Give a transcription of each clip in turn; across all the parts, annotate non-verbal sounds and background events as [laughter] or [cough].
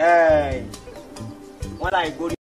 Eh, wọ́n láì gbórí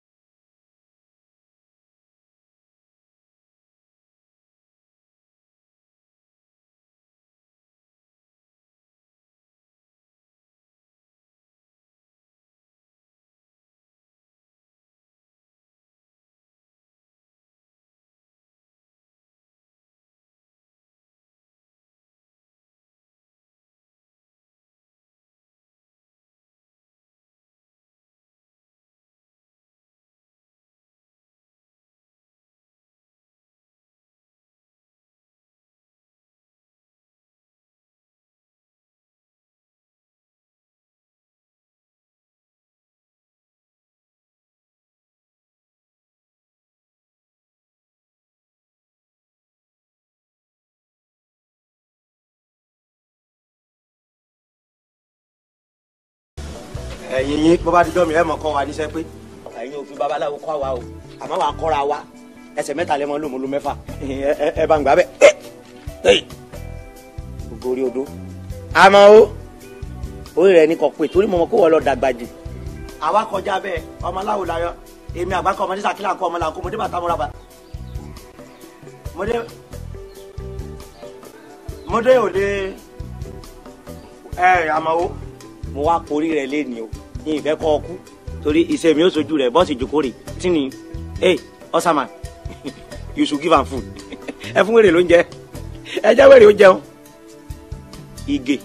ẹ̀yin yín bó bá ti dọ́mi ẹ̀ mọ̀ kọ́ wa níṣẹ́ pé ẹ̀yin òfin babaláwo kọ́ wa o àmọ́ wàá kọ́ra wa ẹsẹ̀ mẹ́ta lẹ́mọ́ lòmú ló mẹ́fà ẹ bá ń gbà bẹ́ẹ̀ gorí odó àmọ́ o orí rẹ̀ ní kò pé torí mo mọ̀ kó wọ́n lọ dàgbà jù. àwa kọjá bẹ́ẹ̀ ọmọ aláwo la yọ èmi àgbákọ ọmọdé sàkílà kọ ọmọ làkó mo dé bàtà mo ra mo dé mo dé òde ẹ àmọ́ o mo wá porí rẹ̀ lé ní o ní ìfẹ́ kọ́ ọkú torí iṣẹ́ mi ó sojú rẹ̀ bọ́ọ̀sì ìjókòó tí ni ẹ ọ̀sàmà [laughs] you should give am food [laughs] ẹ fún wèrè ló ń jẹ ẹ jẹ́ wèrè ó jẹun ìgè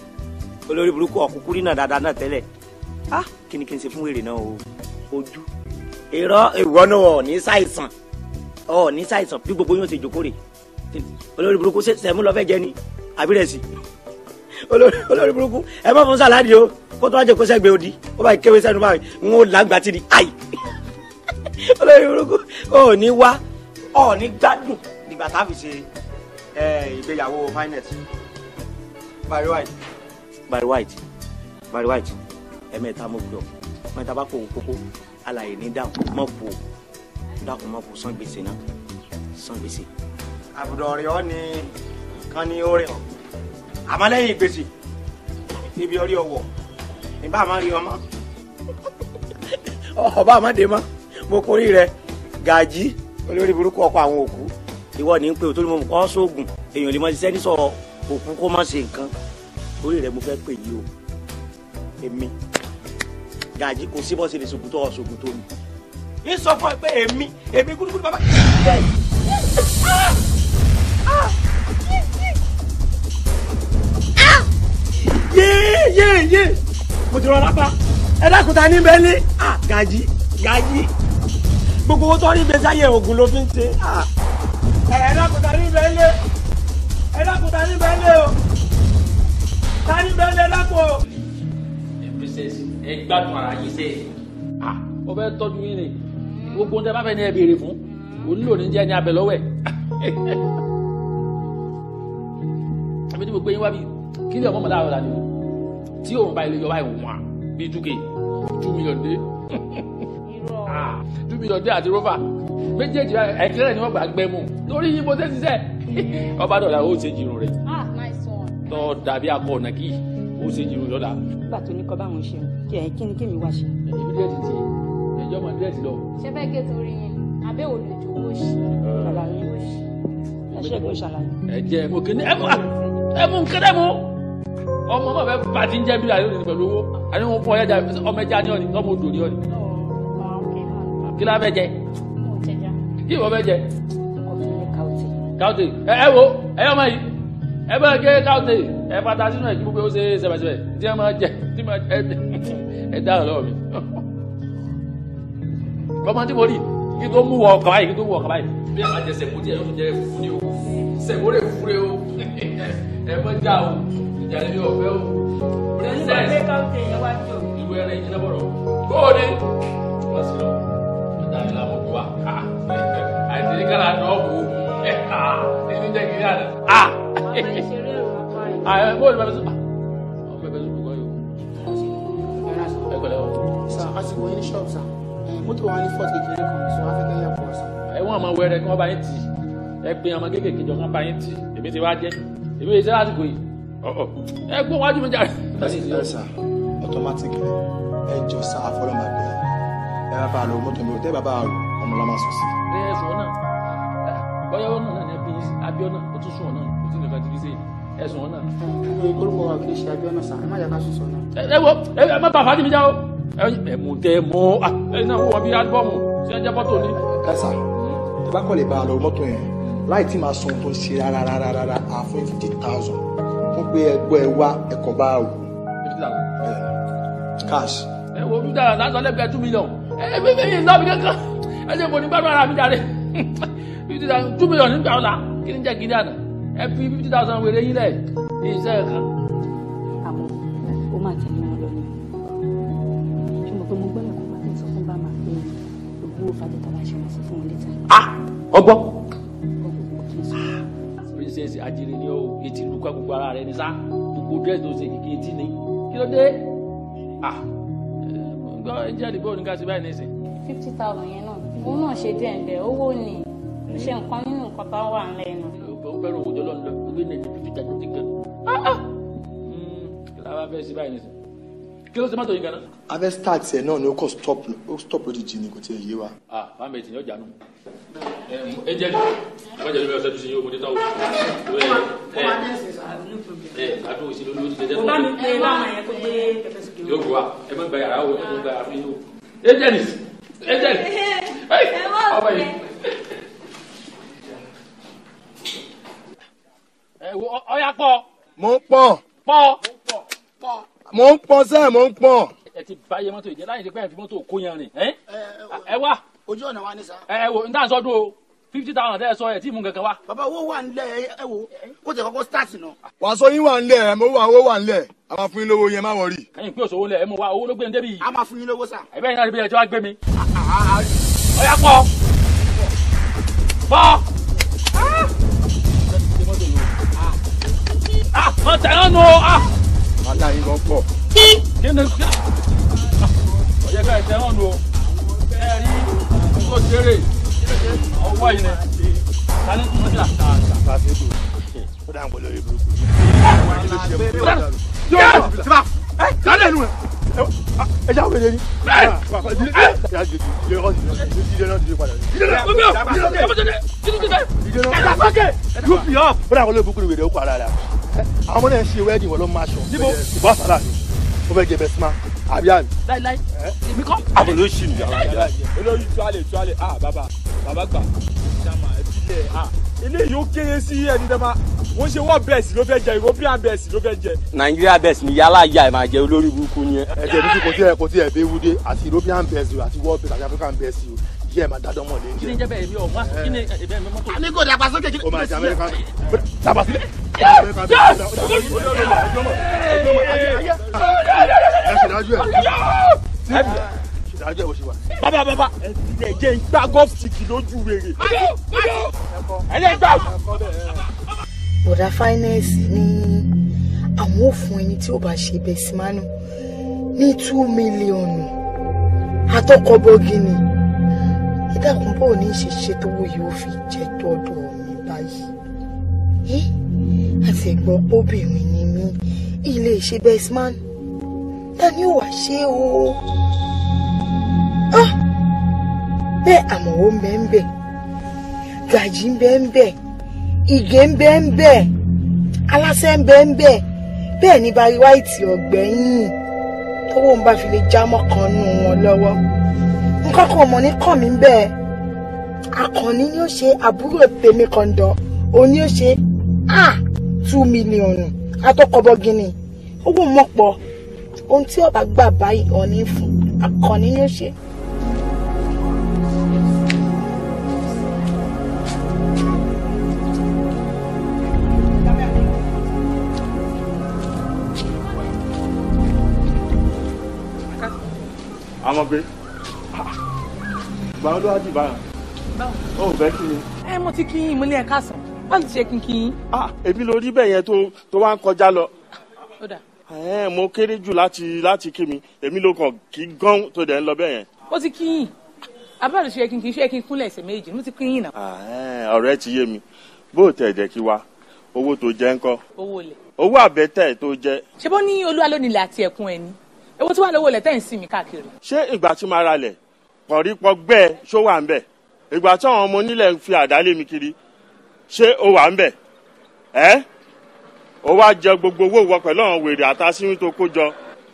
olórí burúkú ọ̀kúkú rí náà dáadáa náà tẹ́lẹ̀ ah kí ni kí n ṣe fún wèrè náà o ojú irọ́ ìwọ náà ọ̀ ní ṣàìsàn ọ̀ ní ṣàìsàn bí gbogbo yóò ṣe ìjókòó olórí burúkú sẹ́mu lọ́fẹ́ jẹ ni àbí rẹ̀ sí olórí burúkú ẹ má fún sàládì o kó tó wá jẹ kó sẹgbẹ odi ó bá kéwé sẹnu báyìí ń ó làgbà tì ní àì olórí burúkú ò ní wá ò ní gbádùn nígbà tá a fi ṣe ìgbéyàwó finance Barry White Barry White Barry White ẹ̀mẹ́ta mo gbọ́ mẹ́ta bá kó kókó alàyè ní dáhùn mọ́ kó dákun mọ́ kó san gbèsè náà san gbèsè. àbùdọ̀ ọ̀rẹ́ ọ ni kan ní ó rẹ̀ ọ́ àmọ́ lẹ́yìn ìgbésì níbi orí ọwọ́ ìbá máa rí ọmọ ọba àmọ́dé mọ́ mo korí rẹ gàjí olórí burúkú ọkọ àwọn òkú ìwọ ní pé òtún ni mo mọ̀ kọ́ sóògùn èèyàn lè mọ ṣiṣẹ́ ní sọ̀rọ̀ òkú kó má ṣe nǹkan orí rẹ mo fẹ́ pè yí o èmi gàjí kò sí bọ́sẹ̀ lè ṣògùn tó ọ̀ṣògùn tó mi ń sọ fún ẹ pé èmi èmi gúdúgúdú bàbá kìí yéyéyé mo ti rọ lápá ẹ dákúta ní bẹ́ẹ̀lì gàjí gàjí gbogbo owó tó rí gbèsè ayé ògùn ló fi ń ṣe ẹ dákúta ní bẹ́ẹ̀lì ẹ dákúta ní bẹ́ẹ̀lì o ta ní bẹ́ẹ̀lì ẹ dákú o. ẹ princess ẹ gbádùn ara yín sẹ ọ bẹ tọdún yín ni gbogbo ohun tẹ bá fẹ ní ẹ béèrè fún òun lò ní jẹ ní abẹ lọwẹ àbí [laughs] tí mo gbé yín wá bí kí ni ọmọ mọ láàárọ̀ la ni tí òun bá ilé yọba ìwọ̀n bíi dúkè two million dé [laughs] ah, two million dé àti rover méjèèjì ẹ̀kẹ́rẹ́ ni wọ́n gbà gbẹ mu lórí yìí mo ṣe ṣiṣẹ́ [laughs] ọba dọ̀là ó ṣe jìrò rẹ̀ ah, tọ́ dàbí akọ ọ̀nà kí ó ṣe jìrò lọ́la. nígbà tó ní kọ́ báwọn ṣe kí ni kémi wá ṣe. ẹ̀jẹ̀ bí dẹ́ẹ̀tì ti ẹ̀jẹ̀ ọmọ dẹ́ẹ̀tì lọ. ṣé fẹ́ gé torí yẹn abẹ́ òdòdó ó ṣe ọ̀làrin ó ṣe ẹ̀ṣẹ̀gun ṣàlàyé. ẹ̀jẹ̀ mo kì í ní ẹ̀mú ẹ̀mú nkẹ́dẹ́mú ọmọ ọmọ fẹ́ bàtí ń jẹ́ bí àyè òní pẹ̀lú owó àyè òun fún ọyẹ́jà ọmọ ẹja ní ọ̀nì ọmọ odò ní ọ̀nì. kí ló fẹ́ jẹ kí ìwọ fẹ́ jẹ. káwùtì ẹ wo ẹ yọ ọmọ yìí ẹ bá gé káwùtì ẹ pátá sínú ẹ kí gbogbo ó ṣe sẹbẹsẹbẹ tí ẹ máa jẹ tí máa jẹ ẹ dá ọlọ́wọ́ mi. ọmọ tí mo rí kí tó mú wọ ọkọ̀ báyìí kí tó mú ọkọ̀ báyìí bí àbájẹ sẹ̀kú tí ẹ yóò jẹ fúre o sẹ̀kú rẹ̀ fúre o ẹ mọ́jà o ìjà lè ní o princess ìwé ẹ̀rẹ́ ìjìnlẹ̀ kóòdì wọ́n sì lọ ọ̀dà ìlà ọ̀gbọ̀n wa ká àìsí ní àná ọ̀gbọ̀n ẹ̀ ká jẹ́ kiri àná. àyẹ̀ bóyá ìbá mi sọ sọ mọ́tò wa ní fọ́ọ̀tì kékeré kan sọ wá fẹ́ kẹ́lẹ́ pọ̀ sà. ẹ wọ́n àmọ́ wẹ́rẹ́ kí wọ́n bá yín tì ẹ pé ọmọ kéékèèké jọ kán bá yín tì èmi ti wá jẹ́ èmi ti lásìkò yìí ẹ gbọ́ wájú mi jáde. president sir automatically ẹ jọ sá afọlọmọ àgbẹ ẹ bá bá a lọ mọ́tò mi ò tẹ bàbá ọmọ la máa sùn sí. ẹ ẹ sùn náà bọ́yá ọ̀nà náà ni abiona ó tún sùn ọ̀nà ó tún lè ka tìbí sẹ́yìn ẹ sùn ọ̀nà. orúkọ wa kì í ṣe abiona sir ẹ má yà ká sùn sọ̀nà. ẹ wo ẹ má bàa fàájì mi já o ẹ mú tẹ mọ ẹ náà wọ bí álúbọ̀mù ṣé ẹ jẹ́ bọ́tò ni. ẹ sà hmm. ẹ bá kọ́ lè bá a lọ mọ́tò yẹn láì tí màá sọ ohun tó ń ṣe rárá rárá rárá àfún fifty thousand fún pé ẹgbẹ́ ẹ wá ẹ̀kọ́ bá wò cash. ẹ wo mi dára láti ọlẹ́gbẹ́ two million ẹ bí mi yìí lọ́ọ̀bì kankan ẹ ṣe kò ní bá bàrà mi dáre [laughs] fifty thousand two million nígbà ọ̀la kí ni jẹ́ gidi àná ẹ fi fifty thousand wèrè yín lẹ̀ ní iṣẹ́ kan. àmọ́ ó máa tẹ̀lé wọn lọ ni mo gbọ́dọ̀ kó fún pé gbogbo ṣe wọ́n sí fún wọn létà. Ah! ọgbọ́n. àjèrè ni ọ etí lu gbogbo ara rẹ ní sá gbogbo dẹ́ẹ̀ tó ṣe kìkì etí ni kí ló dé à ah, eh, gbọ́ ẹjẹ́ àdìbò ní ká ṣe báyìí nísìn. fifty thousand yẹn náà òun náà ṣe díẹ̀ ń owó ni ó ṣe nǹkan nínú nǹkan tó wà ń lẹ́nu. ó bẹ̀rù òwòjọ́ lọ́nà lọ́nà ó gbé ní ẹ̀dùn fifty thousand kan. Ah, ah. hmm, kí la wá fẹ́ ṣe báyìí nísìn kí ló ṣe mọ́tò yín gan-an. abẹ́ start náà ni ó kọ́ stop ó stop lójijì ni kò tiẹ̀ yé wa. a bá mi tìyàn jà nù. ẹ jẹ́ ní ìbájá ìbájá ṣẹ́jú sí yín ogun níta òkú. ẹ ẹ adó òsì lórí oṣù tẹ́tẹ́ fún mi. bá mi pé láwọn yẹn kó gbé pẹpẹ sókè. yóò wá ẹ má gba yàrá o ẹ má gba yàrá mi o. [laughs] ẹ jẹ́ ní ẹ jẹ́ ní ọba yìí. ẹ wo ọyà pọ̀. mo pọ̀. pọ̀ mò ń pọn sẹ́ẹ̀ mò ń pọn. ẹ ti bá iye mọ́tò ìjẹ́ láyé ti pẹ́ fi mọ́tò kó yan rìn. ẹ wá. ojú ọ̀nà wa ni sa. ẹ wo n tà sọ́dún o fifty thousand ẹ sọ ẹ tí mú kankan wá. bàbá owó wà nílẹ̀ ẹ wo kó tẹ kọ́kọ́ start nà. wàásù yín wà nílẹ̀ ẹ mọ wà owó wà nílẹ̀ a máa fún yín lówó yẹn má wọrí. ẹ̀yin pé òṣòwò lẹ ẹ mọ wa owó ló gbé ní débi yìí. a máa fún yín lówó sà. ẹ bẹ́ẹ̀ ni àdébíyẹ tí wàá gbé mi. ọ̀yà ah, ah, ah, pọ̀ pọ̀. ah mọ̀tẹ́rán nù ọ́ ah wàhálà yín gan pọ̀. kíni kí ọ̀yẹ́ ká ìtẹ́ hàn lò ẹ rí tó kéré ọwọ́ yìí ni tani tó ń jà àwọn ọmọdé ń ṣe wedding wọn ló máa ṣọ níbo ìbá sàrà ni ó fẹ́ jẹ best man àbí àná. láíláí èmi kọ́. àwọn ló ṣì ń jà wá. olórí tuwalẹ̀ tuwalẹ̀ ah bàbá bàbá gbà ṣàmà ẹbílẹ̀ ah ilé yìí ó kéré sí ẹni dẹ́gbà wọ́n ṣe wọ́n bẹ́ẹ̀sì ló fẹ́ jẹ european bẹ́ẹ̀sì ló fẹ́ jẹ. nàìjíríà bẹ́ẹ̀sì ni yálà ya ẹ̀ máa jẹ olórí burúkú ni ẹ. ẹ̀jẹ̀ tuntun kò tí ẹ̀ kò tí ẹ̀ bẹ́ẹ̀ wúdé àti european bẹ́ẹ̀sì àti world bẹ́ẹ̀sì àti african bẹ́ẹ̀sì o yẹ ma da dọmọ le. kí ni jẹ bẹ́ẹ̀ mi ọ wá kí ni ẹ bẹ́ẹ̀ mi mọ́tò. a ní kò dàgbà sókè kí ni. o ma jẹ amẹ́ríkà dàgbà bàbá bàbá ẹ jẹ́ ìgbà gọ́ọ̀fù tìkì lójú rere. bọ̀dà fáínẹ́ẹ̀sì ni àwọn ò ẹni tí ó bá ṣe bẹ́ẹ̀ sí mánú ní two million àtọkọ bọ́gìnì ìdàkùnbọ̀ ní ìṣẹ̀ṣẹ̀ tó wòye ó fi jẹ́ tọ́dọ̀ mi báyìí àti ẹ̀gbọ́n obìnrin ni mí ilé ìṣe best man ta ni ó wà ṣe o. bẹ́ẹ̀ àmọ̀wó ń bẹ ń bẹ gàjí ń bẹ ń bẹ ìgè ń bẹ ń bẹ aláṣẹ ń bẹ ń bẹ bẹ́ẹ̀ ni bari wáìtì ọ̀gbẹ́yìn tówó ń bá fi lè já mọ́kàn nù wọn lọ́wọ́ nǹkan kò mọ̀ ní kàn mí bẹ́ẹ̀ akànnì ni ó ṣe àbúrò tèmi kàn dán òun ni ó ṣe ah two million atọ́kọ̀bọ gini owó mọ̀pọ̀ ohun tí ọba gbà báyìí ọ̀ní fún akọni yóò ṣe. àmọ́ pé gbàgbọ́dọ̀ á dì báyà ó fẹ́ kí ni. ẹ mo ti kí ìmúlẹ̀ ẹ̀ káàsán má ti ṣe kínkín. Ah, èmi ló rí bẹ́ẹ̀ yẹn tó wá ń kọjá lọ. mo kéré jù láti láti kí mi èmi ló kàn kí gán tó dẹ̀ ń lọ bẹ́ẹ̀ yẹn. ó ti kíyìn abáàlù ṣe kínkín ṣe kínkín kúnlẹ̀ ẹsẹ̀ méjì mo ti kíyìn náà. ọ̀rẹ́ ti yé mi bó o tẹ̀ jẹ́ kí wa owó tó jẹ́ ńkọ́. owó lẹ̀. owó àbẹ́tẹ̀ tó jẹ́. ṣé bó ní olúwa ló nílẹ̀ àti ẹ̀kún ẹ̀ ni owó tí wàá lówó lẹ̀ tẹ̀ ń sinmi káàkiri. ṣé ìgbà tí màá ra lẹ̀ kọ̀rípọ̀ gbẹ́ ṣó wà ń bẹ̀ ìgbà tí àwọn ọmọ onílẹ̀ ń fi àdá lé mi kiri ṣé o wà ń bẹ̀ ẹ́ o wá jẹ gbogbo owó ìwọ pẹ̀lú àwọn wèrè àtàsíwìn tó kó jọ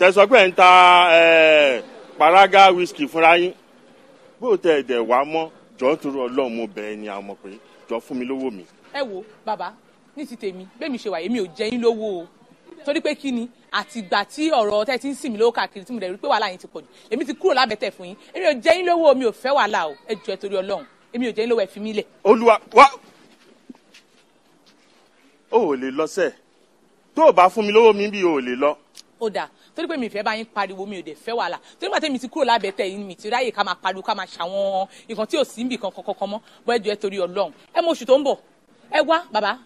tẹ̀sọ́ pé ń ta paraga whisky fúnra yín bó o tẹ ẹ̀dẹ̀ wá mọ́ jọ ń turu ọlọ́run mo bẹ̀ ẹ́ ni àwọn ọmọ jọ fún mi lówó mi. ẹ wo bàbá ní ti tèmi bẹ́ẹ̀mi ṣe wà èmi ò jẹ yín lówó o torí pé kí ni àtìgbà tí ọ̀rọ̀ tẹ́ ti ń sìn mí lówó káàkiri tí mo dẹ̀ rí pé wàhálà yín ti pọ̀ jù èmi ti kúrò lábẹ́tẹ̀ fún yín èmi ò jẹ yín lówó mi ò fẹ́ wàhálà o ẹ jọ̀ọ́ ẹ torí ọlọ́run èmi ò jẹ yín lówó ẹ fi mí lẹ̀. olúwa wa o ò lè lọ sẹ́ẹ̀ tó o bá fún mi lówó mi bí o ò lè lọ. ó dáa torí pé mi fẹ́ bá yín pariwo mi ò dẹ̀ fẹ́ wàhálà torí pàtẹ́ mi ti kúrò lábẹ́ tẹ̀ yín mi ti ráyè ká máa pariwo ká máa ṣàwọn nǹkan tí ò sí nbì kankan kankan mọ́ bọ́ ẹ jọ ẹ torí ọlọ́run ẹ mọ oṣù tó ń bọ̀ ẹ wá bàbá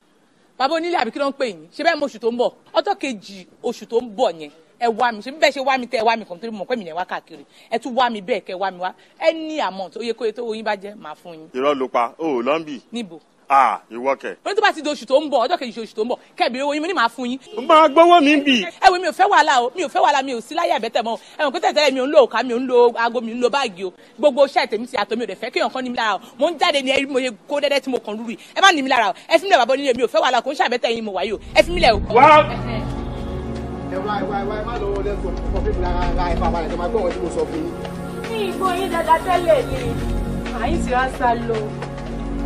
bàbá onílé àbí kí ló ń pè yín ṣe bẹ́ẹ̀ mọ oṣù tó ń bọ̀ ọjọ́ kejì oṣù tó ń bọ̀ yẹn ẹ wá mi ṣe bẹ́ẹ̀ ṣe wá mi tẹ́ ẹ wá mi kàn torí mọ̀ pé mi yẹn wá káàkiri ẹ tún wá mi bẹ́ẹ̀ kẹ́ wá mi wá ẹ ní àmọ́ tó yẹ kóye tó oyin bá jẹ́ màá fún yín. irọ́ o ò lọ́nbì. níbo ah ìwọ kẹ. wọ́n tó bá ti di oṣù tó ń bọ̀ ọjọ́ kejì oṣù tó ń bọ̀ kẹ́bìrì owó yín mo ní màá fún yín. máa gbọ́wọ́ mi bì. ẹ wo mi ò fẹ́ wàhálà o mi ò fẹ́ wàhálà mi ò sí láyé àbẹ́tẹ̀ mọ́ ẹ mọ̀ pé tẹ̀tẹ̀lẹ̀ mi ò ń lo òkà mi ò ń lo aago mi ò ń lo báàgì o gbogbo iṣẹ́ tèmi ti àtọ́ mi ò dẹ̀ fẹ́ kéèyàn kan ní mi lára o mo ń jáde ní ẹrí mo ye kó dẹ́dẹ́ tí mo kàn lórí ẹ má ní mi lára o ẹ fi mi lẹ̀ bàbá onílé mi ò fẹ́ wàhálà kò ń ṣàbẹ́tẹ̀ yín mo wáyé o ẹ fi mi lẹ̀ o. wá ẹ wá ẹ wá ẹ wá ẹ má lọ wọlé ẹgbẹ́ ọkọ̀ fífi lára ẹ àyìn ti wá sá lọ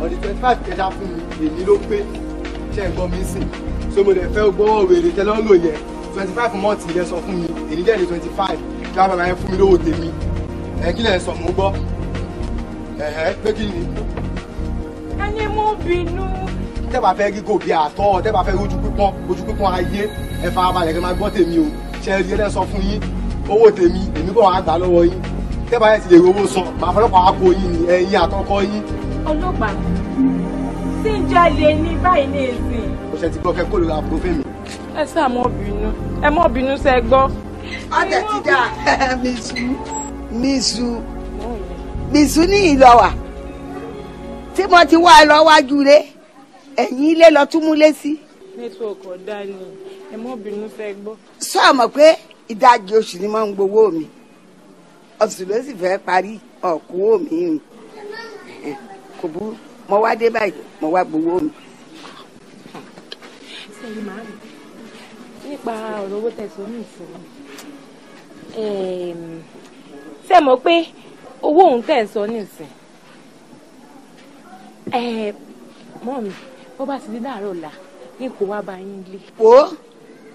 ọ̀dí twenty five kẹta fún mi èyí ló pé ṣe ń gbọ́ mi ń sìn so mo dẹ̀ fẹ́ gbọ́wọ́ wèrè tẹ́lọ́ lò yẹn twenty five mọ́ọ̀tì yẹn sọ fún mi èyí dẹ̀ ní twenty five kí wọ́n bàbá yẹn fún mi lówó tèmi ẹ̀ kí lẹ̀ sọ mo gbọ́ ẹ̀hẹ́ pé kí ni. ẹni mú bínú. tẹ́ bá fẹ́ gígò bíi àtọ́ tẹ́ bá fẹ́ ojú pípọ́n ojú pípọ́n ayé ẹ fara balẹ̀ kẹ́ máa gbọ́ tèmi o ṣe é rí ẹ sọ fún yín owó tèmi èmi kò wá gbà lọ́wọ́ yín tẹ́ bá yẹn ti lè rówó san màá fọlọ́pàá àgbo yín ni ẹ̀yin àtọkọ yín ọlọ́pàá tí ń jalè ní báyìí ní ìsìn. mo ṣe ti gbọ́ kẹ́ kó lóra àpòfẹ́ mi. ẹ sáà mọ́ bínú ẹ mọ́ bínú sẹ́ gbọ́. ọ̀tẹ̀ ti dà mísù mísù mísù ní ìlọ́wà tí mo ti wá ẹ lọ wájú rẹ ẹ̀yìn ilé lọ tún múlé sí. nẹ́tíwọ̀kì ọ̀dà ni ẹ mọ́ bínú sẹ́ gbọ́. sọ àmọ̀ pé ìdajì oṣù ni máa ń gbowó mi ọ̀sùn ló sì fẹ́ parí ọ̀kúnwó mi kò burú mo wá dé báyìí mo wá gbowó mi. sẹ́yìn máa rí nípa ọ̀rọ̀ owó tẹ̀sán ní ìsinmi ṣe mọ̀ pé owó òun tẹ̀ ń sọ nísìn mọ́ mi bó bá ti di láàárọ̀ ọ̀la ní kò wá bá yín lé. wo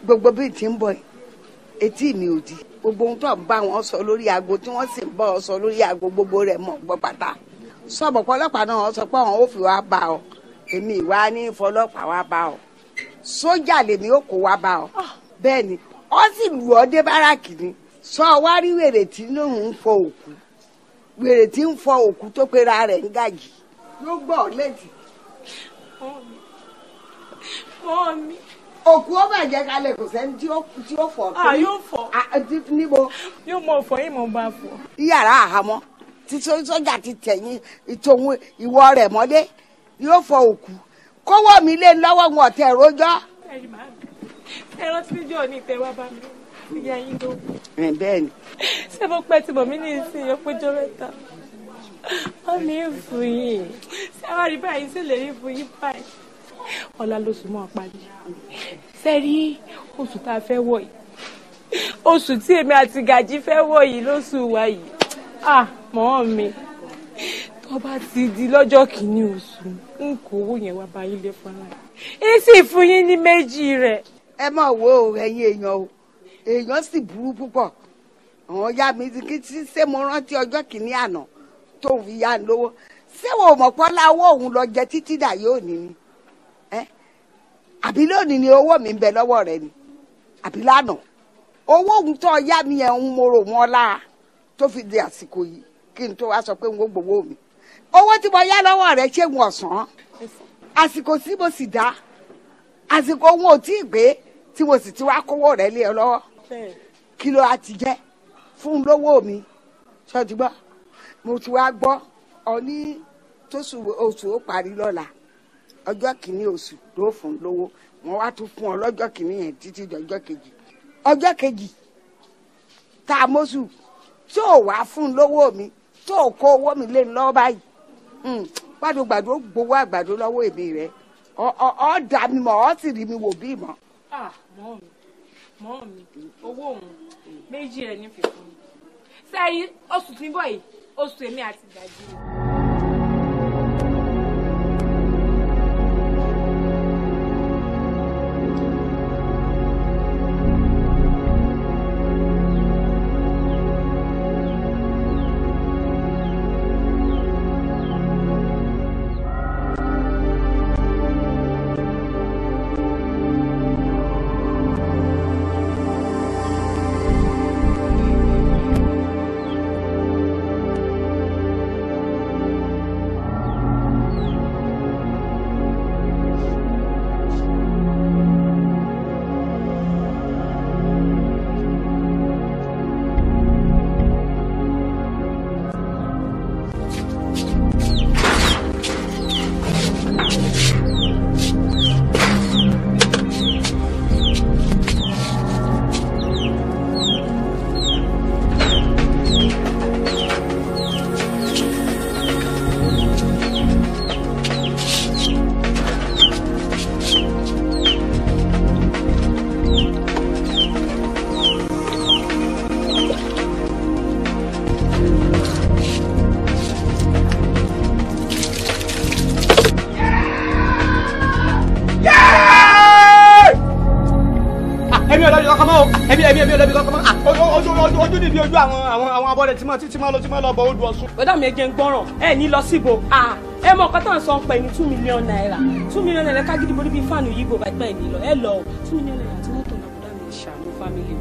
gbogbo bíi ti ń bọ̀ etí mi ò di gbogbo ohun tó ń bá wọn sọ lórí aago tí wọ́n sì ń bá ọ sọ lórí aago gbogbo rẹ̀ mọ̀ gbọ́ pátá sọ̀bọ̀ pọlọ́pàá náà sọ pé àwọn ò fi wá bá ọ èmi ìwà ní fọlọ́pàá wá bá ọ sójà lèmi ò kó wá bá ọ ah. bẹ́ẹ̀ ni ó sì lù ọ́ dé báràkì ni sọ wá rí wèrè tí lòun ń fọ òkú wèrè tí ń fọ òkú tó pera rẹ̀ ń gàjì ló gbọ́ létí. mọ́ọ̀mí. òkú ó bàjẹ́ kalẹ̀ kò sẹ́ni tí ó fọ̀. a ah, yóò fọ̀. Ah, níbo. yóò mọ̀ fọ̀ yìí mọ̀ bá fọ̀. yàrá àhámọ́ tí sọ́jà ti tẹ̀yìn ìtòhun ìwọ rẹ̀ mọ́lé yóò fọ òkú kówó mi lé lọ́wọ́ wọn ọ̀tẹ̀ rojọ́. ẹran tí jọ ní ìtẹ̀wá bá mi ìyá yín ló. bẹ́ẹ̀ ni. ṣé mo pẹ́ tí mọ̀mí ní ìsìn yẹn péjọ mẹ́ta wọ́n ní fún yín sáwá rí báyìí sí lè rí fún yín báyìí ọ̀la lóṣù mọ́ parí sẹ́rí oṣù tá a fẹ́ wọ̀ yìí oṣù tí èmi àti gàjí fẹ́ wọ̀ yìí lóṣù wa yìí ah mọ́ mi tó bá ti di lọ́jọ́ kìíní oṣù n kò owó yẹn wá bá yín lé fúnra ẹ sì fún yín ní méjì rẹ̀. ẹ mọ̀ wo ẹ̀yin èèyàn o èèyàn sì burú púpọ̀ àwọn ya mi kí tí mo rántí ọjọ́ kìíní àná tó fi yá lówó ṣé wo mọ̀ pọ́ láwọ́ òun lọ jẹ títí dà yóò ní ni àbí lónìí ni owó mi ń bẹ lọ́wọ́ rẹ ni àbí lánàá owó òun tó yá mi yẹn ń mo rò lára tó fi di àsìkò yìí kí n tó wá sọ pé n ò gbowó mi owó tí mo yá lọ́wọ́ rẹ̀ ṣé wọn sàn àsìkò tí mo sì dá àsìkò wọn ò tí ì gbé tí mo sì ti wá kówó rẹ̀ lé ọ lọ́wọ́ kí ló a ti jẹ́ fún lówó mi ṣọ́ọ́dì gbọ́ mo ti wá gbọ́ ọ ní tóṣù oṣù ó parí lọ́la ọjọ́ kìíní oṣù ló fún lówó wọn wá tún fún ọ lọ́jọ́ kìíní yẹn títí dọjọ́ kejì ọjọ́ kejì tá a mọ́sù tí ò wá fún lówó mi tó o kó owó mi lé lọ́wọ́ báyìí hmm. gbowó àgbàdo lọ́wọ́ èmi rẹ ọ dà mí ọ sì rí mi wò bí mọ́. owó òun méjì rẹ̀ ní fífún mi sẹ́yìn oṣù tí ń bọ̀ yìí oṣù àti lọ́dọ̀ àwọn àwọn àwọn abọ́dẹ tí máa títí máa lọ tí máa lọ bọ̀ odò ọ̀ṣun. bọ́dà mi ẹ̀jẹ̀ ń gbọ́ràn ẹ̀ ní lọ síbo ẹ mọ ọkọ táwọn sọ ń pẹ ní two million naira two million naira kágídí borí bíi fáànù yìí bò bá ìpẹ́ ìdí lọ ẹ lọ two million naira tí mọ́tò náà bọ́dà mi ṣàánú fámìlì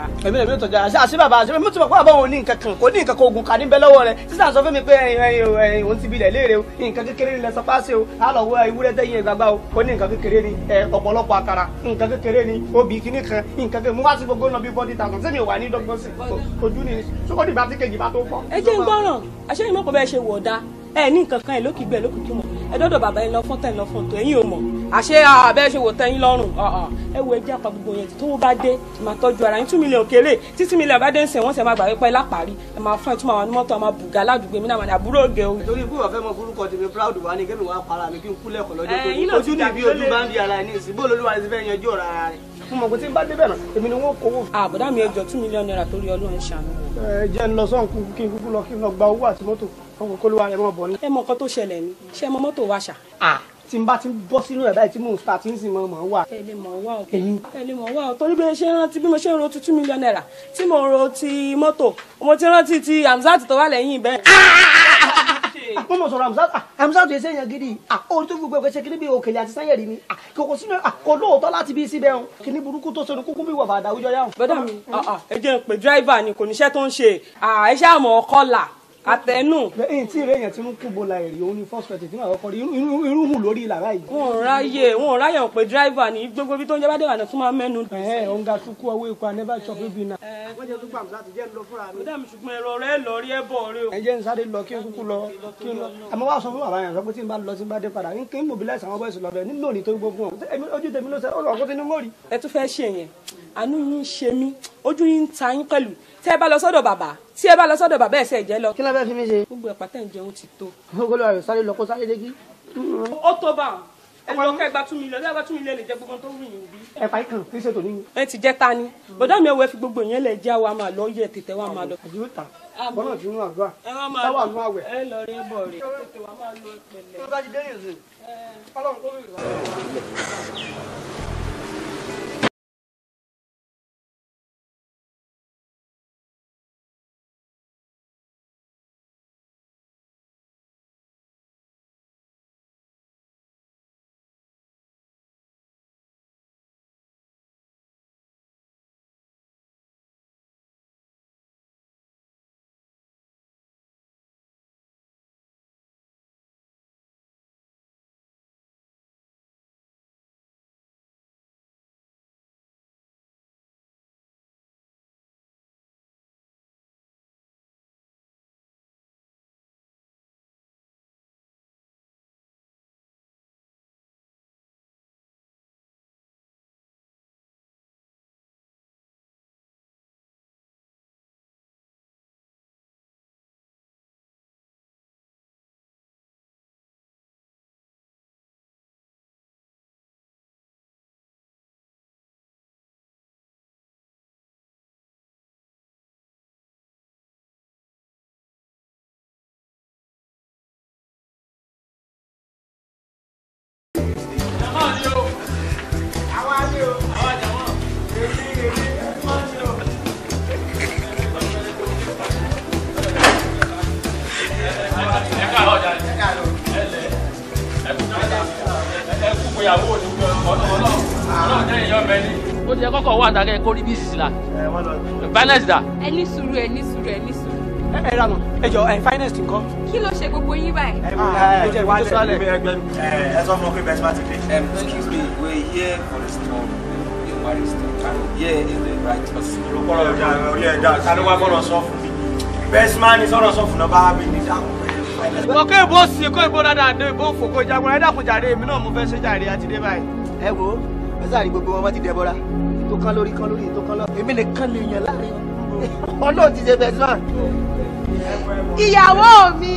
tọjà. èmi èmi ò tọjà àṣé bàbá mo ti mọ̀ pé àbáwọn oní nǹkan kan kò ní nǹkan kan oògùn kà níbẹ̀ lọ́wọ́ rẹ̀ sísà sọ fún mi pé òun ti bilẹ̀ léèrè o nǹkan kékeré ni lẹ́sọ̀ páṣẹ o á lọ wọ ewúrẹ́ o ó ní nǹkan kékeré ni ọ̀pọ̀lọpọ̀ àkàrà nǹkan kékeré ni obì kíní kan nǹkan kékeré mo wá sí gbogbo náà bí bọ́dí tàǹtàn sẹ́mi wà ní dọ́gbọ́n ojú ni sókòdì ẹ dọ́dọ̀ bàbá yín lọ fún tẹ̀yìn lọ fún tó ẹ̀yin ò mọ̀ àṣé àbẹ́ ṣe wò tẹ̀yìn lọ́rùn ẹ wo ẹjẹ́ àpá gbogbo yẹn tó bá dé ẹ máa tọ́jú ara yín two million kéré títí mílíọ̀n bá dé ń sìn wọ́n sì máa gbà wípé lápárí ẹ máa fún ẹ túmọ̀ àwọn onímọ́tò àwọn bùgá ládùúgbò mi náà àbúrò ògè o. torí bí wọ́n fẹ́ mọ proud wa ni kébì wọn apara mi kí n kúlẹ̀ kọ̀ lọ́jọ́ tó ní ojú níbi ojú bá ń di ara ẹni ìsìn bó lolúwa ti fẹ́ mo mọ̀ pé tí n bá débẹ̀ náà èmi ni wọ́n kówó. àbùdá ah, mi ẹjọ two million naira torí ọlọ́run ṣàánú. ẹ jẹ́ ń lọ sọ́hún kú kí n kúkú lọ kí n lọ gba owó àti mọ́tò ọkọ̀ kó ló wà ẹ mọ̀ bọ̀ ni. ẹ mọ nǹkan tó ṣẹlẹ̀ ni ṣé ẹ mọ mọ́tò wa ṣà. Ah, tí n bá ti bọ́ sínú ẹ̀ báyìí tí mò ń ta tí n sì mọ̀ mọ̀ wà. ẹ lè mọ̀ wá o torí bí mo ṣe rántí ń ro two million naira tí mo ń ro ti mọ́tò mo ti rántí ti Hamzat tó wà lẹ́yìn bẹ́ẹ̀. Ah, [laughs] mo mọ̀ sọ̀rọ̀ Hamzat ah, Hamzat tó ṣe yẹn gidi ah, orí tó gbogbo ẹ̀kọ́ ṣe kí ni bí òkèlè àti sanyẹ̀rì ni ah, kòkò sínú kò lóòótọ́ láti bí síbẹ̀ hàn kí ni burúkú tó sọnù kúkú bí wà bàdà àwùjọ yà hàn. ẹ jẹ́ pé dráìvà ni kò níṣẹ́ tó ń ṣe ẹ ṣáà mọ̀ ọkọ̀ àtẹnu. lẹ́yìn tí ìrẹ́ yẹn ti ń kúbo la èrè òun ni first person tí màá kọ́ rí irú irú hù lórí ìlàrá yìí. wọn ò ráyè wọn ò ráyè wọn pé driver ní gbogbo ibi tó ń jẹ́ bá dé ìlànà tó máa mẹ́nu. ẹ ẹ òun ga tukú ọwọ́ ikú anẹ́bà shop bíbí náà. ẹ wọ́n jẹ́ tó gbàgbọ́ láti jẹ́ lọ fúnra mi. dáàmì ṣùgbọ́n ẹ̀rọ rẹ lọ rí ẹ bọ̀ rí o. ẹ jẹ́ n sáré lọ kí n kúkú lọ kí n lọ àmọ́ wàá sọ fún bàbá yẹn sọ pé tí n bá lọ tí n bá dé padà n kí àánú yín ń ṣe mí ojú yín ń ta yín pẹ̀lú tẹ́ ẹ bá lọ sọ́dọ̀ bàbá tí ẹ bá lọ sọ́dọ̀ bàbá ẹ̀sẹ̀ ìjẹ́ lọ. kí ló fẹ́ fi mí ṣe. gbogbo ẹ̀pà tẹ̀ ń jẹ ó ti tó. ogolo ayọ̀ sáré lọ kó sáré dé kí. ó tó bá ẹ lọ kẹ́ gba two million lẹ́gbàá two million lè jẹ gbogbo tó wù yín bí. ẹ̀pà yìí kàn kí ṣe tòní. ẹ ti jẹ́ ta ni bọ́dọ̀ mi ò wẹ́ fi gbogbo yẹn lẹ̀ já wa máa lọ yẹ tètè wa máa lọ. àdúró ta bọ́lá rí rẹ ìgbéyàwó òní wúlò ọlọ́run ọlọ́run jẹ́ ìyọ́ mẹ́ni. ó ti yẹ kọ́kọ́ wà dákẹ́ kó rí bíìsì la. finance da. ẹ ní sùúrù ẹ ní sùúrù ẹ ní sùúrù. ẹ ra mọ ẹ jọ ẹ finance ti kọ. kí ló ṣe gbogbo yín báyìí. ẹ jẹ ìwádìí tó sálẹ ẹ sọ fún ọ pé bẹ́ẹ̀ bá ti dé. excuse me we here for a small barrister and here is the righteous. olùkọ́ ọ̀rọ̀ ọ̀rẹ́ ẹ̀dá ta ló wá gbọ́dọ̀ sọ fún mi. best man is ọ̀rọ̀ sọ fún ọ bá mi dáhùn wọ́n kó ìbò sí kó ìbò dáadáa dé ìbò òfò kó jagun ẹ̀dá kò jàre èmi náà mo fẹ́ ṣe jàre àti dé báyìí. ẹ wo ẹ sáà rí gbogbo wọn bá ti dẹbọra tó kán lórí kán lórí tó kán lọ èmi lè kán lè yàn láàrin ọlọ́ọ̀ ti ṣe bẹ́ẹ̀ sàn. ìyàwó mi.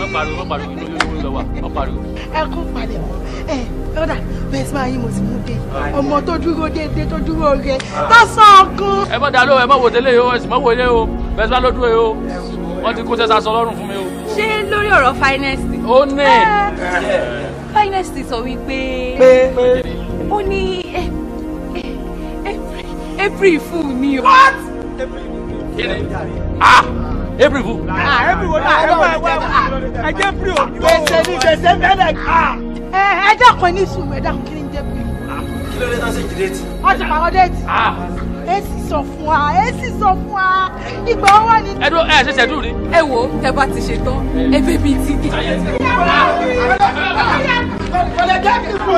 má pariwo má pariwo ìlú olówó lọ wà má pariwo. ẹ kún palẹ̀ mọ́ ẹ lọ́dà bẹ́ẹ̀ sì máa yín mo sì mú dé ọmọ tó dúró déédéé tó dúró rẹ tó sọ ọkùn. ẹ má dá lóhùn ẹ má wò délé o ẹ sì má wò ilé o bẹ́ẹ̀ sì má ló dúró yìí o wọ́n ti kó sẹ́sà sọ lọ́rùn fún mi o ṣé lórí ọ̀rọ̀ finest. ó ní. finest sọ wípé. pé pé. ó ní april fún mi o. what. ah april fún. ah april wo náà ẹ máa wá ẹ jẹ́ april o. gbèsè ni gbèsè mẹ́lẹ̀. ẹ ẹ dákun ní sùn ẹ dákun kí ni jẹ́ april. kí ló dé tán sí jìdẹ́tì. ọjà àwọn déètì ẹ sì sọ fún wa ẹ sì sọ fún wa ìgbà wà ní. ẹ dún ẹ ṣẹ̀ṣẹ̀ dùn ni. ẹ wo tẹ bá ti ṣe tán ẹ bẹ bíi ti kì. kọlẹ jẹ kí n fún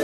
ọ.